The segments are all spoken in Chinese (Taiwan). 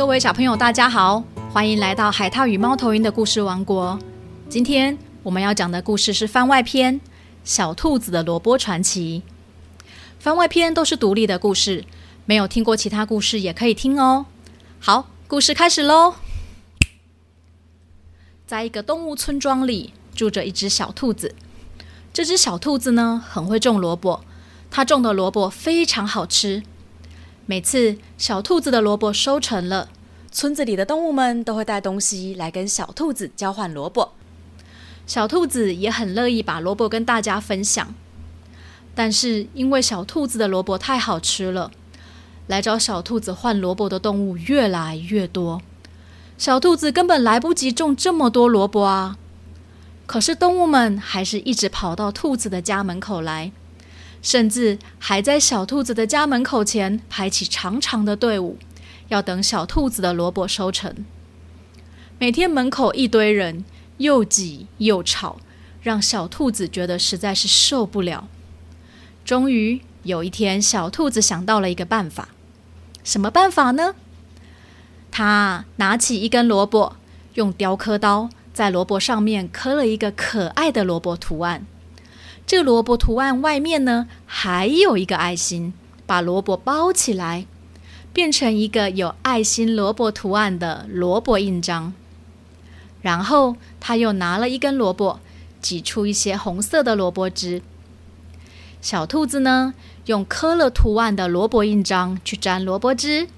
各位小朋友，大家好，歡迎來到海獺與貓頭鷹的故事王國。今天我們要講的故事是番外篇《小兔子的蘿蔔傳奇》。番外篇都是獨立的故事，沒有聽過其他故事也可以聽哦。好，故事開始嘍。在一個動物村莊裡，住着一隻小兔子。這隻小兔子呢，很會種蘿蔔，它種的蘿蔔非常好吃。每次小兔子的蘿蔔收成了，村子裡的動物們都會帶東西來跟小兔子交換蘿蔔。小兔子也很樂意把蘿蔔跟大家分享。但是因為小兔子的蘿蔔太好吃了，來找小兔子換蘿蔔的動物越來越多，小兔子根本來不及種這麼多蘿蔔啊！可是動物們還是一直跑到兔子的家門口來。甚至還在小兔子的家門口前排起長長的隊伍，要等小兔子的蘿蔔收成。每天門口一堆人，又擠又吵，讓小兔子覺得實在是受不了。終於有一天，小兔子想到了一個辦法。什麼辦法呢？他拿起一根蘿蔔，用雕刻刀在蘿蔔上面刻了一個可愛的蘿蔔圖案。這個蘿蔔圖案外面呢，還有一個愛心，把蘿蔔包起來，變成一個有愛心蘿蔔圖案的蘿蔔印章。然後他又拿了一根蘿蔔，擠出一些紅色的蘿蔔汁。小兔子呢，用刻了圖案的蘿蔔印章去沾蘿蔔汁，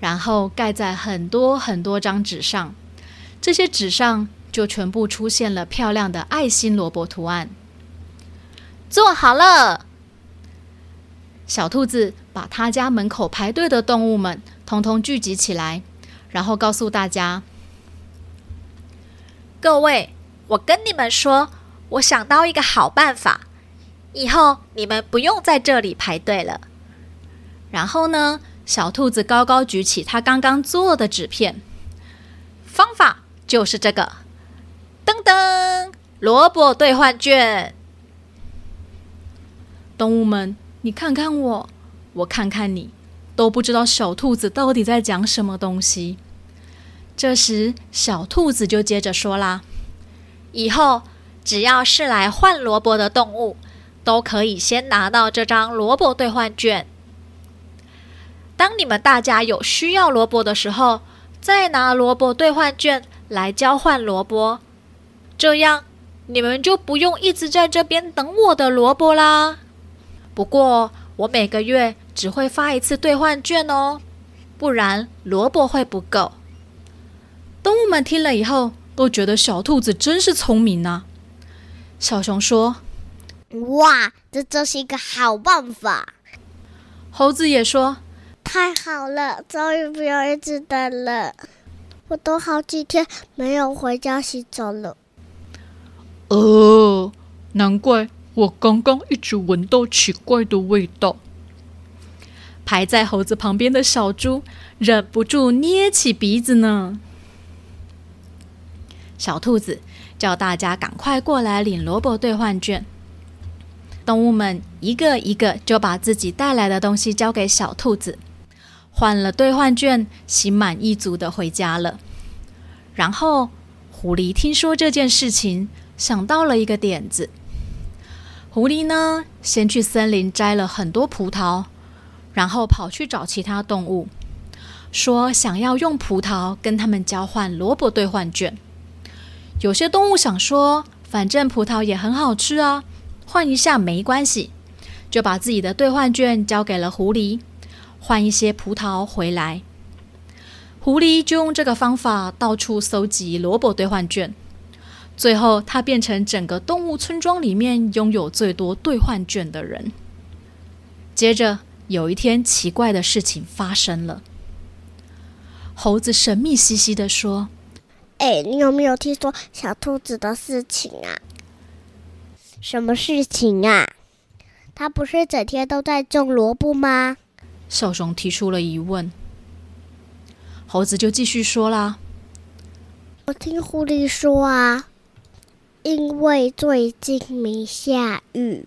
然後蓋在很多很多張紙上，這些紙上就全部出現了漂亮的愛心蘿蔔圖案。做好了，小兔子把他家門口排隊的動物們統統聚集起來，然後告訴大家：“各位，我跟你們說，我想到一個好辦法，以後你們不用在這裡排隊了。”然後呢，小兔子高高舉起他剛剛做的紙片，方法就是這個，噔噔，蘿蔔兌換券。動物們，你看看我，我看看你，都不知道小兔子到底在講什麼東西。這時，小兔子就接着說啦：“以後只要是來換蘿蔔的動物，都可以先拿到這張蘿蔔兌換券。當你們大家有需要蘿蔔的時候，再拿蘿蔔兌換券來交換蘿蔔，這樣你們就不用一直在這邊等我的蘿蔔啦。”不過，我每個月只會發一次兌換券哦，不然蘿蔔會不夠。動物們聽了以後，都覺得小兔子真是聰明啊。小熊說：“哇，這真是一個好辦法。”猴子也說：“太好了，終於不用一直等了，我都好幾天沒有回家洗澡了。”哦，難怪。我剛剛一直聞到奇怪的味道。排在猴子旁邊的小豬忍不住捏起鼻子呢。小兔子叫大家趕快過來領蘿蔔兌換券。動物們一個一個就把自己帶來的東西交給小兔子，換了兌換券，心滿意足的回家了。然後狐狸聽說這件事情，想到了一個點子。狐狸呢，先去森林摘了很多葡萄，然後跑去找其他動物，說想要用葡萄跟他們交換蘿蔔兌換券。有些動物想說，反正葡萄也很好吃啊，換一下沒關係，就把自己的兌換券交給了狐狸，換一些葡萄回來。狐狸就用這個方法到處蒐集蘿蔔兌換券。最後，他變成整個動物村莊裡面擁有最多兌換券的人。接着，有一天奇怪的事情發生了。猴子神秘兮兮地說：“哎、欸，你有沒有聽說小兔子的事情啊？什麼事情啊？他不是整天都在種蘿蔔嗎？”小熊提出了疑問。猴子就繼續說啦，我聽狐狸說啊。”因為最近沒下雨，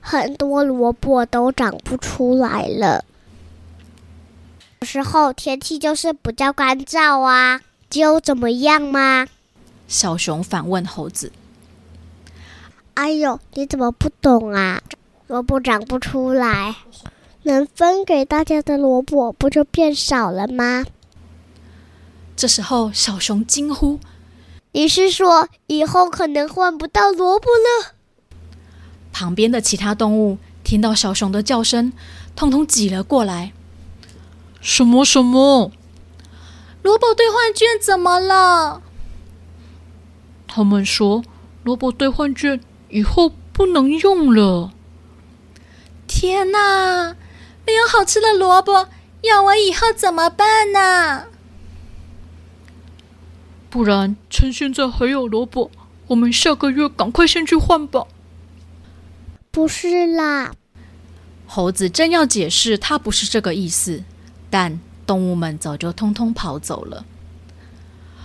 很多蘿蔔都長不出來了。有時候天氣就是比較乾燥啊，就怎麼樣嗎？小熊反問猴子：“哎呦，你怎麼不懂啊？蘿蔔長不出來，能分給大家的蘿蔔不就變少了嗎？”這時候小熊驚呼。你是說以後可能換不到蘿蔔了？旁邊的其他動物聽到小熊的叫聲，通通擠了過來。什麼什麼？蘿蔔兌換券怎麼了？他們說蘿蔔兌換券以後不能用了。天哪！沒有好吃的蘿蔔，要我以後怎麼辦呢？不然，趁現在還有蘿蔔，我們下個月趕快先去換吧。不是啦，猴子正要解釋，他不是這個意思，但動物們早就通通跑走了。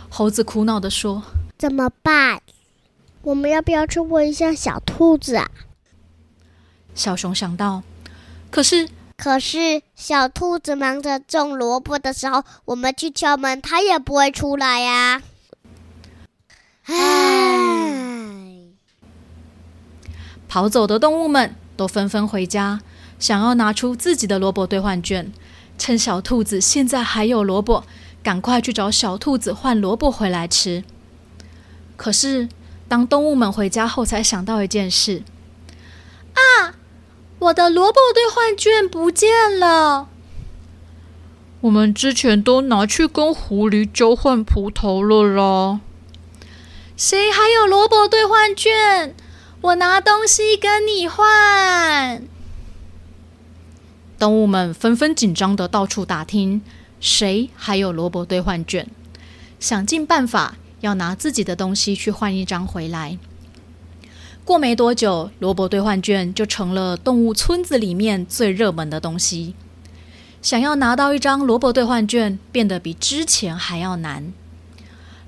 猴子苦惱的說：“怎麼辦？我們要不要去問一下小兔子啊？”小熊想到，可是，可是小兔子忙着種蘿蔔的時候，我們去敲門，它也不會出來呀。跑走的動物們都紛紛回家，想要拿出自己的蘿蔔兌換券，趁小兔子現在還有蘿蔔，趕快去找小兔子換蘿蔔回來吃。可是，當動物們回家後，才想到一件事：啊，我的蘿蔔兌換券不見了！我們之前都拿去跟狐狸交換葡萄了啦，誰還有蘿蔔兌換券？我拿東西跟你換。動物們紛紛緊張的到處打聽，誰還有蘿蔔兌換券，想盡辦法要拿自己的東西去換一張回來。過沒多久，蘿蔔兌換券就成了動物村子裡面最熱門的東西。想要拿到一張蘿蔔兌換券，變得比之前還要難。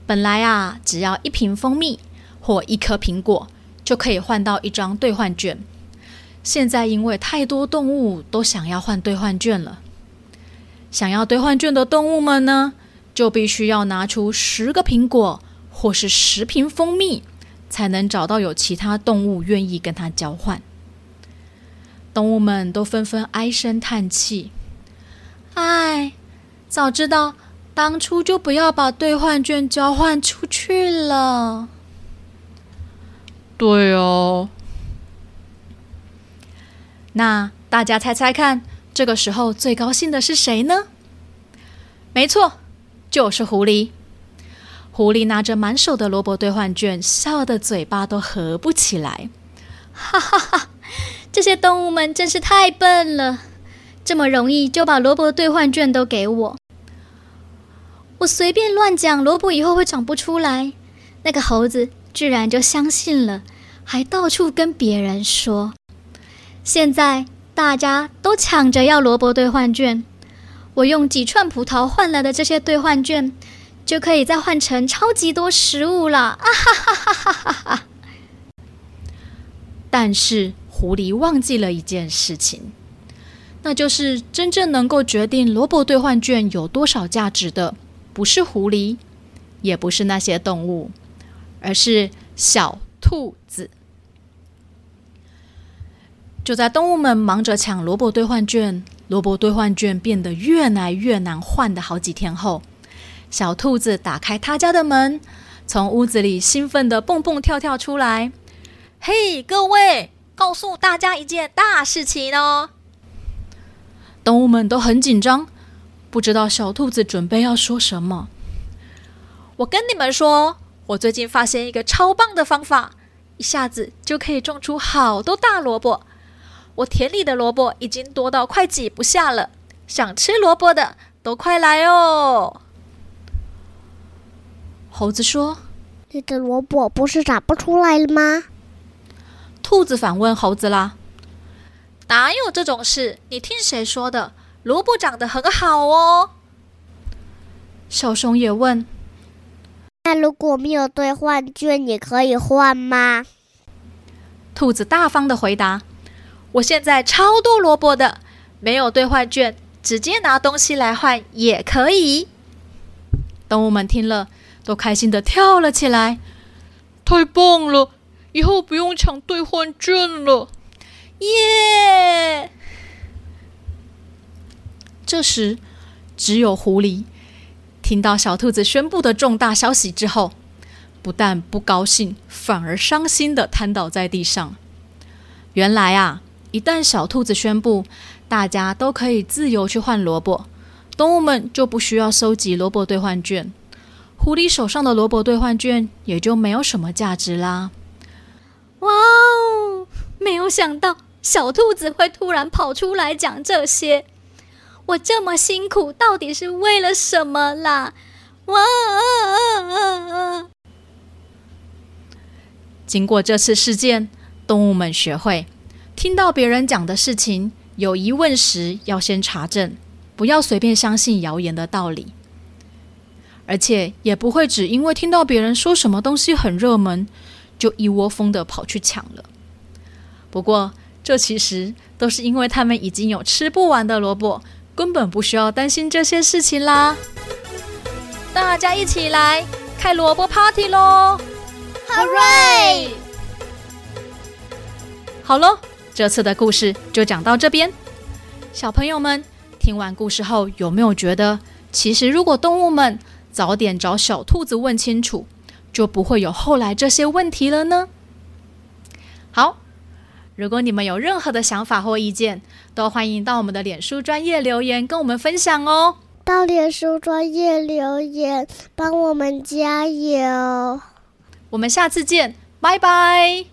本來啊，只要一瓶蜂蜜或一顆蘋果。就可以換到一張兌換券。現在因為太多動物都想要換兌換券了，想要兌換券的動物們呢，就必須要拿出十個蘋果或是十瓶蜂蜜，才能找到有其他動物願意跟它交換。動物們都紛紛唉聲嘆氣：“唉，早知道當初就不要把兌換券交換出去了。”對哦，那大家猜猜看，這個時候最高興的是誰呢？沒錯，就是狐狸。狐狸拿着滿手的蘿蔔兌換券，笑得嘴巴都合不起來。哈哈哈哈！這些動物們真是太笨了，這麼容易就把蘿蔔兌換券都給我。我隨便亂講，蘿蔔以後會長不出來。那個猴子。居然就相信了，還到處跟別人說。現在大家都搶着要蘿蔔兌換券，我用幾串葡萄換來的這些兌換券，就可以再換成超級多食物了啊哈哈哈哈哈哈！但是狐狸忘記了一件事情，那就是真正能夠決定蘿蔔兌換券有多少價值的，不是狐狸，也不是那些動物，而是小兔子。就在動物們忙着搶蘿蔔兌換券，蘿蔔兌換券變得越來越難換的好幾天後，小兔子打開他家的門，從屋子裡興奮的蹦蹦跳跳出來。“嘿，各位，告訴大家一件大事情哦！”動物們都很緊張，不知道小兔子準備要說什麼。我跟你們說。我最近發現一個超棒的方法，一下子就可以種出好多大蘿蔔。我田裡的蘿蔔已經多到快擠不下了，想吃蘿蔔的都快來哦！猴子說：“你的蘿蔔不是長不出來了嗎？”兔子反問猴子啦：“哪有這種事？你聽誰說的？蘿蔔長得很好哦。”小熊也問。那如果沒有兌換券，你可以換嗎？兔子大方的回答：“我現在超多蘿蔔的，沒有兌換券，直接拿東西來換也可以。”動物們聽了都開心的跳了起來，太棒了！以後不用搶兌換券了，耶、yeah!！這時，只有狐狸。聽到小兔子宣布的重大消息之後，不但不高興，反而傷心地癱倒在地上。原來啊，一旦小兔子宣布大家都可以自由去換蘿蔔，動物們就不需要收集蘿蔔兌換券，狐狸手上的蘿蔔兌換券也就沒有什麼價值啦。哇哦！沒有想到小兔子會突然跑出來講這些。我這麼辛苦，到底是為了什麼啦？哇啊啊啊啊啊啊！經過這次事件，動物們學會聽到別人講的事情有疑問時要先查證，不要隨便相信謠言的道理。而且也不會只因為聽到別人說什麼東西很熱門，就一窩蜂的跑去搶了。不過，這其實都是因為他們已經有吃不完的蘿蔔。根本不需要擔心這些事情啦！大家一起來開蘿蔔 party 嘍！Hooray！好了，這次的故事就講到這邊。小朋友們，聽完故事後有沒有覺得，其實如果動物們早點找小兔子問清楚，就不會有後來這些問題了呢？好。如果你們有任何的想法或意見，都歡迎到我們的臉書專頁留言跟我們分享哦。到臉書專頁留言，幫我們加油。我們下次見，拜拜。